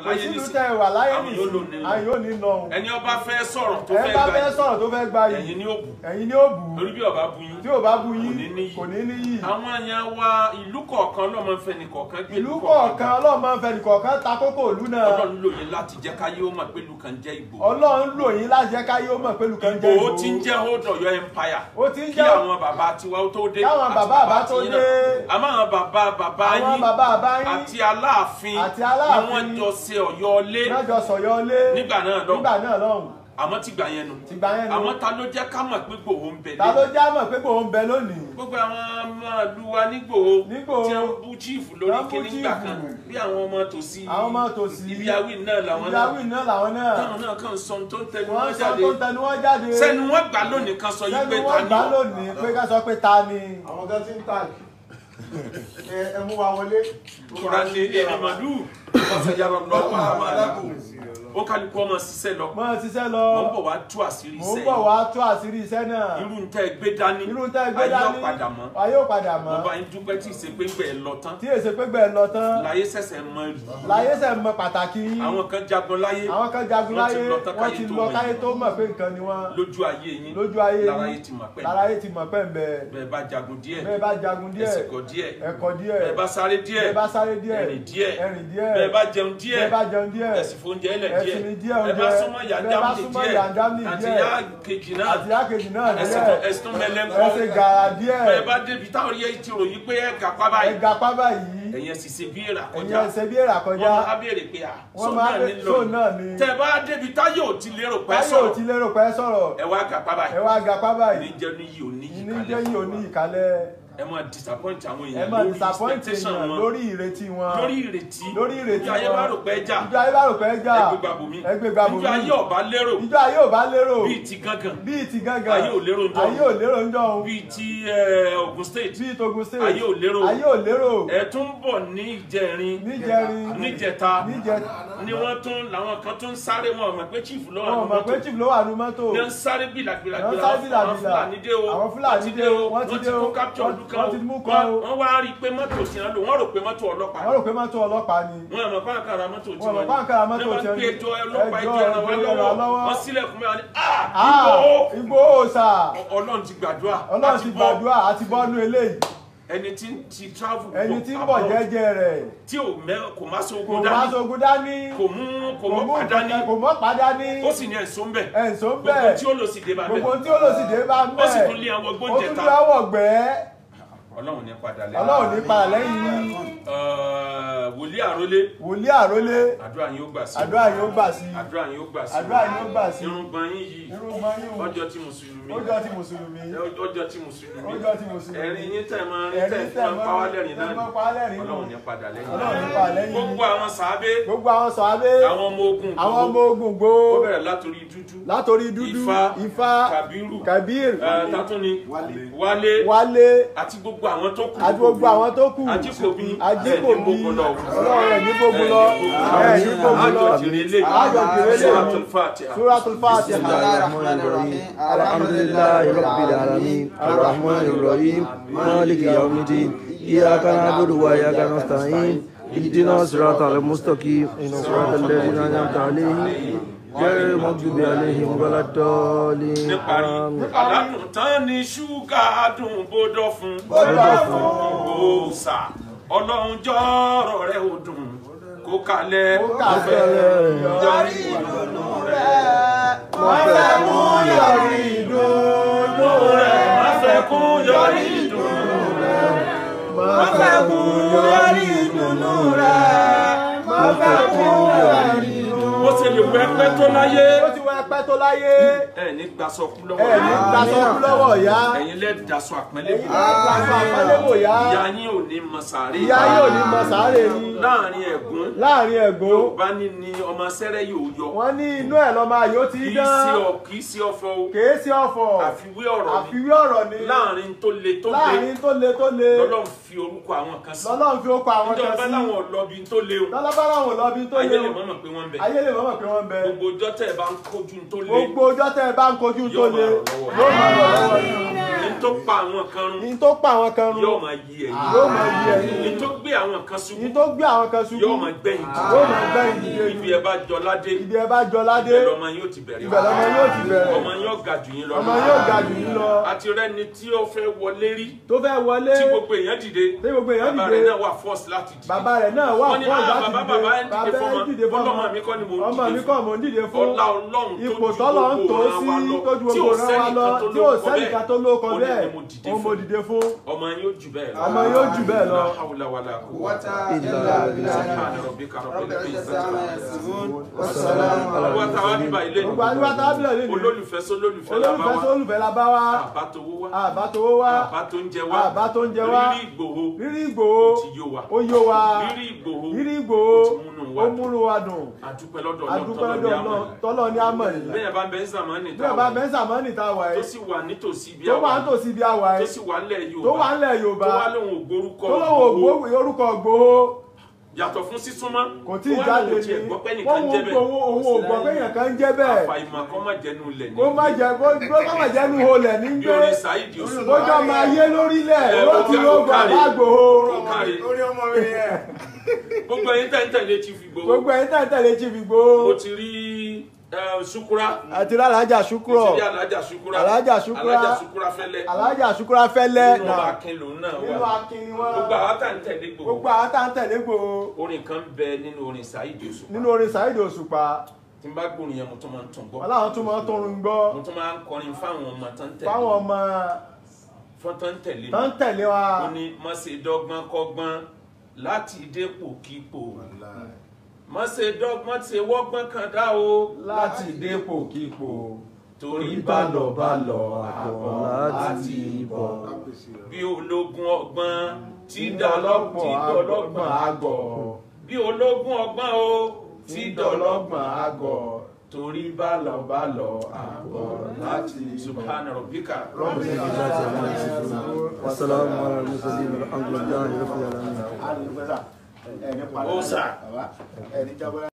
kò sílùú tẹ ẹ wà láyé nìyí ayé ò ní lọ. ẹni ọba fẹ́ sọ̀rọ̀ tó fẹ́ gbà yìí ẹni ọba fẹ́ sọ̀rọ̀ tó fẹ́ gbà yìí ẹ̀yin ni ó bù ẹ̀yin ni ó bù lórí bí ọba bu yín tí ọba bu yín kò ní níyì. àwọn èèyàn wa ìlú kọ̀ọ̀kan ọlọ́mọ fẹ́ ní kọ̀ọ̀kan gbé ìlú kọ̀ọ̀kan ọlọ́mọ fẹ́ ní kọ̀ọ̀kan ta kókó ìlú náà. ọlọ́run lò yín láti jẹ́ káyé ó mọ̀ pé ìlú jẹ́ ìgbò. ọlọ́run lò yín láti jẹ́ káyé ó mọ̀ pé ìlú jẹ́ ìgbò. ìgbò ó ti ń jẹ́ hold Ọ̀yọ́ empire. ó ti ń jẹ́ kí àwọn bàbá tiwa ó tó dé. káwọn bàbá bàbá tó dé. àmọ́ àwọn bàbá bàbá yín àti aláàfin ni wọ́n jọ ṣe Ọ̀yọ́ lé. wọ́n jọ sọ̀yọ́ lé. nígbà náà lọ́hùn. nígbà náà lọ́hùn. àmọ́ tìgbà yẹn nu. tìgbà yẹn nu. àmọ́ ta ló jẹ́ ká mọ̀ pé gbòho ń bẹ lónìí. ta ló jẹ́ mọ̀ pé gbòho ń bẹ lónìí. gbogbo àwọn ọmọ ìlú wa nígbòho. nígbòho tí wọ́n bú chiefu lórí kíní gbà kan bí àwọn ọmọ tòsí. àwọn ọmọ tòsí. ibi awin náà làwọn náà. ibi awin náà làwọn náà. táwọn náà kàn sọ tó ń tẹnu wọn jáde. wọ́n sọ tó tẹnu wọn jáde. sẹ́nu wọn gbà lónìí kan sọ yí pé ta ni. sẹ́nu wọn gbà lónìí pé ká sọ pé ta ni. àwọn kan ti ń tàgì ẹ mú wa wọlé. kúránì èdè màdù. wọ́n sọ yàrá lọ́wọ́ àmàlà kù ó kálukú ọmọ ṣiṣẹ́ lọ. mọ ṣiṣẹ́ lọ. mò ń bọ̀ wá tú àṣírí iṣẹ́. mò ń bọ̀ wá tú àṣírí iṣẹ́ náà. irú ń tẹ́ gbé dání. irú ń tẹ́ gbé dání. ayé ọ̀padà mọ́. ayé ọ̀padà mọ́. ọba yín dúpẹ́ tí ìṣe pégbẹ́ ẹ lọ tán. tí ìṣe pégbẹ́ ẹ lọ tán. láyé sẹ̀sẹ̀ mọ rí. láyé sẹ̀ mọ pàtàkì àwọn kan jagun láyé. àwọn kan jagun láyé. wọ́n ti lọ káyé tó mọ̀ pé nǹkan ni wọ́n. lójú ayé yín. lójú ayé yín. láráyé ti mọ̀ pẹ́. láráyé ti mọ̀ pẹ́ nbẹ. bẹ́ẹ̀ bá jagun díẹ̀. bẹ́ẹ̀ bá jagun díẹ̀ díẹ̀ ẹ bá súnmọ́ yàndámì díẹ̀ àti yá kejì náà àti yá kejì náà díẹ̀ ẹsẹ̀ ẹsẹ̀ mẹlẹ́kọ́ gàrà díẹ̀ bẹ́ẹ̀ bá débi táwọn yẹ ti ròyìn pé ẹ gàpá báyìí ẹ gàpá báyìí ẹ̀yẹ sì ṣe bí èrà kọjá ẹ̀yẹ ṣe bí èrà kọjá wọ́n máa béèrè pé à sóun náà ni lọ tẹ bá débi táyọ̀ ti lérò pẹ́ sọ̀rọ̀ táyọ̀ ti lérò pẹ́ sọ̀rọ̀ ẹ wá gàpá báyìí ẹ wá gàpá báyìí níjẹ́ ní yìí ò ní ìkálẹ̀ ẹ máa disappoint àwọn èèyàn lórí expectation wọn lórí ìrètí wọn lórí ìrètí lórí ìrètí wọn ìjọ ayé bá rò pé ẹja ìjọ ayé bá rò pé ẹja ẹgbẹgbà bòmí ẹgbẹgbà bòmí ìjọ ayé ò bá lérò ìjọ ayé ò bá lérò bíi ti gangan bíi ti gangan ayé ò lérò ńjọ ayé ò lérò ńjọ bíi ti Ògùn state bíi ti Ògùn state ayé ò lérò ayé ò lérò ẹ tún bọ̀ ní ìjẹrin níjẹrin níjẹta ni wọ́n tún làwọn kan tún sáré wọn mọ̀ pé chief ló wà nù mọ́tò ní wọ́n sáré bìlàbìlà àwọn Fúlàní dé o wọ́n ti kó capture kan wọ́n wá rí i pé mọ́tò sí wọn lò wọ́n rò pé mọ́tò ọlọ́pàá wọ́n rò pé mọ́tò ọlọ́pàá ni wọ́n mọ̀ pàǹkà ra mọ́tò tí wọ́n ní wọ́n mọ̀ pàǹkà ẹjọ́ ọlọ́pàá ẹjọ́ ẹran wá lọ́wọ́ wọ́n sílẹ̀ fún mi wọ́n ní ah igbó ah, òòsà ọlọ́run ti gbàdúrà ọlọ́run ti gbàdúrà àti bọ́ọ̀nù eléyìí ẹni tí ń ti travel lọ ẹni tí ń bọ̀ jẹ́jẹ́ rẹ̀ tí ò mẹ kò má sogun dání kò má sogun dání kò mú kò mọ́ padání kò mọ́ padání ó sì ní ẹ̀sùn bẹ̀ ẹ̀sùn bẹ̀ gbogbo tí ó lọ sí dé bá bẹ̀ gbogbo tí ó lọ sí dé bá bẹ̀ ó sì tún lé àwọn gbóúnjẹ ó tún lé àwọn gbẹ́ ọlọ́run ní padà lẹ́yìn ọlọ́run ní padà lẹ́yìn wòlíì àrólé wòlíì àrólé àdúrà yín ó gbà sí àdúrà yín ó gbà sí àdúrà yín ó gbà sí àdúrà yín ó gbà sí irùngbọ̀n yín yìí irùngbọ̀n yín ọjọ́ tí mùsùlùmí ọjọ́ tí mùsùlùmí ọjọ́ tí mùsùlùmí ọjọ́ tí mùsùlùmí ẹ̀rín yín tẹ̀ máa rí tẹ̀ máa ń pa wá lẹ́rìn náà ọlọ́run ní padà lẹ́yìn gbogbo àwọn sàábé gbogbo àwọn sàábé àwọn ọmọ ogun àwọn ọmọ ogun gbó ó bẹ̀rẹ̀ látòrí dúdú látòrí dúdú ifá kabiru kabiru tatúni gbogbo àwọn tó kù àti gbogbo àwọn tó kù àjíkòbí àjíkòbí ọlọ́run ẹ̀ ní gbogbo lọ ẹ̀ ní gbogbo lọ àjọkìrẹ́lẹ̀ suratul fatiha suratul fatiha alhamdulilayi rabbil alamin arrahmanir rahim maliki yawmiddin iyyaka na'budu wa iyyaka nasta'in ihdina siratal mustaqim siratal ladzina an'amta alaihim. غير المغضوب عليهم ولا الضالين níparí aládùn ni ṣúgà dùn bódọ́ fún bódọ́ fún gbòòsà ọlọ́run jọ́rọ̀ rẹ̀ ò dùn kó kalẹ̀ kó kalẹ̀ yọrí ìdùnnú rẹ̀ má fẹ́ kú yọrí ìdùnnú rẹ̀ má fẹ́ kú yọrí ìdùnnú rẹ̀ má fẹ́ kú yọrí ìdùnnú rẹ̀ má fẹ́ kú yòówù ẹ pẹ́ tó láyé pẹ́ tó láyé. ẹ ní gbàsọkú lọ́wọ́ ìyá. ẹ ní gbàsọkú lọ́wọ́ ya. ẹ̀yin lẹ dasọ àpẹẹlẹ wò. dasọ àpẹẹlẹ wò yá. ìyá yín ò ní mọ sàárè. ìyá yín ò ní mọ ni. láàrin ẹ̀gún. láàrin ẹ̀gún. yorùbá ní ni ọmọ sẹ́rẹ́ yóò yọ. wọ́n ní inú ẹ̀ lọ́mọ ayò ti dán. kì í sí ọ̀fọ̀ o. kì í sí ọ̀fọ̀. àfiwé ọ̀rọ̀ ni. àfiwé ọ̀rọ̀ ni. láàrin tó le tó le. láàrin tó le tó le. lọ́lọ́run fi orúkọ àwọn kan sí. lọ́lọ́run fi orúkọ àwọn kan sí. ìjọba láwọn ò lọ bí tó le o. lọ́lọ́bá kojú tó le. gbogbo ọjọ́ tẹ́ ẹ bá ń kojú tó le yóò máa rọ̀ lọ́wọ́ yìí tó pa àwọn kan run. ní tó pa àwọn kan run. yóò máa yí ẹ̀yìn. yóò máa yí ẹ̀yìn. ní tó gbé àwọn kan ṣubú. ní tó gbé àwọn kan ṣubú. yóò máa gbẹ̀yìn tì. yóò máa gbẹ̀yìn tì. ibi ẹ bá jọ ládé. ibi ẹ bá jọ ládé. ibẹ̀ yóò ti bẹ̀rẹ̀. ibẹ̀ yóò ti bẹ̀rẹ̀. ọmọ yóò ga jù yín lọ. ọmọ yóò ga jù yín lọ. àti rẹni tí ó fẹ́ wọlé rí. tó fẹ́ wọlé. tí gbogbo èèyàn dìde. tí gbogbo èèyàn dìde. bàbá rẹ̀ náà wà force láti dìde. bàbá rẹ̀ náà wà force ah, láti dìde. ọlọ́run tó ju gbogbo wa wa lọ. tí ò sẹ́nìkan tó lóko rẹ̀ bẹ́ẹ̀ ọmọ dìde fún ọmọ yóò jù bẹ́ẹ̀ lọ ọmọ yóò jù bẹ́ẹ̀ lọ hawulawala wata ila bila rabbika rabbil izzati wata abiba ilé ni wata abiba ilé ni olólùfẹ́ sólólùfẹ́ labawa olólùfẹ́ sólólùfẹ́ labawa àbátowó wa àbátowó wa àbátóúnjẹ wa àbátóúnjẹ wa rírí ìgbòho rírí ìgbòho ó yó wa rírí ìgbòho rírí ìgbòho ó múnú wa dùn àdúpẹ́ lọ́dọ̀ náà tọ́lọ́ ní àmọ̀ yìí bẹ́ẹ̀ bá bẹ́ẹ̀ sàmọ́nì tá a wà yìí tó sì wà nítòsí bí a wà nítòsí ibi àwa yìí tó sì wà ńlẹ̀ Yorùbá tó wà ńlẹ̀ Yorùbá tó wà fún sísúnmọ́ kò tí ì jáde ní wọ́n wo owó owó ògbọ́n pé èèyàn kan ń jẹ́ bẹ́ẹ̀ kó má jẹ kó má jẹnu olè ní gbé lójó máa yé lórílẹ̀ ló ti ló gbà lágbo orí gbogbo ẹ̀yin tẹ̀ ń tẹ̀lé Chief Igboho gbogbo Eh, sukura. àti alájà sukura. àti Alaja, sukura. Alaja, sukura. Alaja, sukura fẹlẹ. alájà sukura fẹlẹ. nínú akin lòun náà wà. nínú akin ni wọn. gbogbo àwọn tá à ń tẹ̀lé gbòó. gbogbo àwọn tá à ń tẹ̀lé gbòó. orin kan bẹ nínú orin Saheed Òṣùpá. nínú orin Saheed Òṣùpá tí n bá gbóni yẹn mo tún máa ń tún gbọ́. aláwọ̀ tún máa ń tọrun gbọ́. mo tún máa ń kọrin fáwọn ọmọ tán tẹ̀lé. fáwọn ọmọ. fún tán tẹ̀lé wa. tán tẹ̀lé wa. ó ní má má ṣe dọ́gbọ́n ṣe wọ́gbọ́n kan dá o. láti dépò kípò torí bá lọ bá lọ àbọ̀ láti ibọ̀. bí ológun ọgbọ́n tí dọlọ́gbọ̀n àgọ̀. bí ológun ọgbọ́n o ti dọlọ́gbọ̀n àgọ̀ torí bá lọ bá lọ àbọ̀ láti ibọ̀. subhana rabbika. rọ́bì ní ìjọba ti àwọn ìṣẹ̀lẹ̀ wasalaamu alaykum wa rahmatulahi wa barakatuh ẹni padà ẹni jábọ́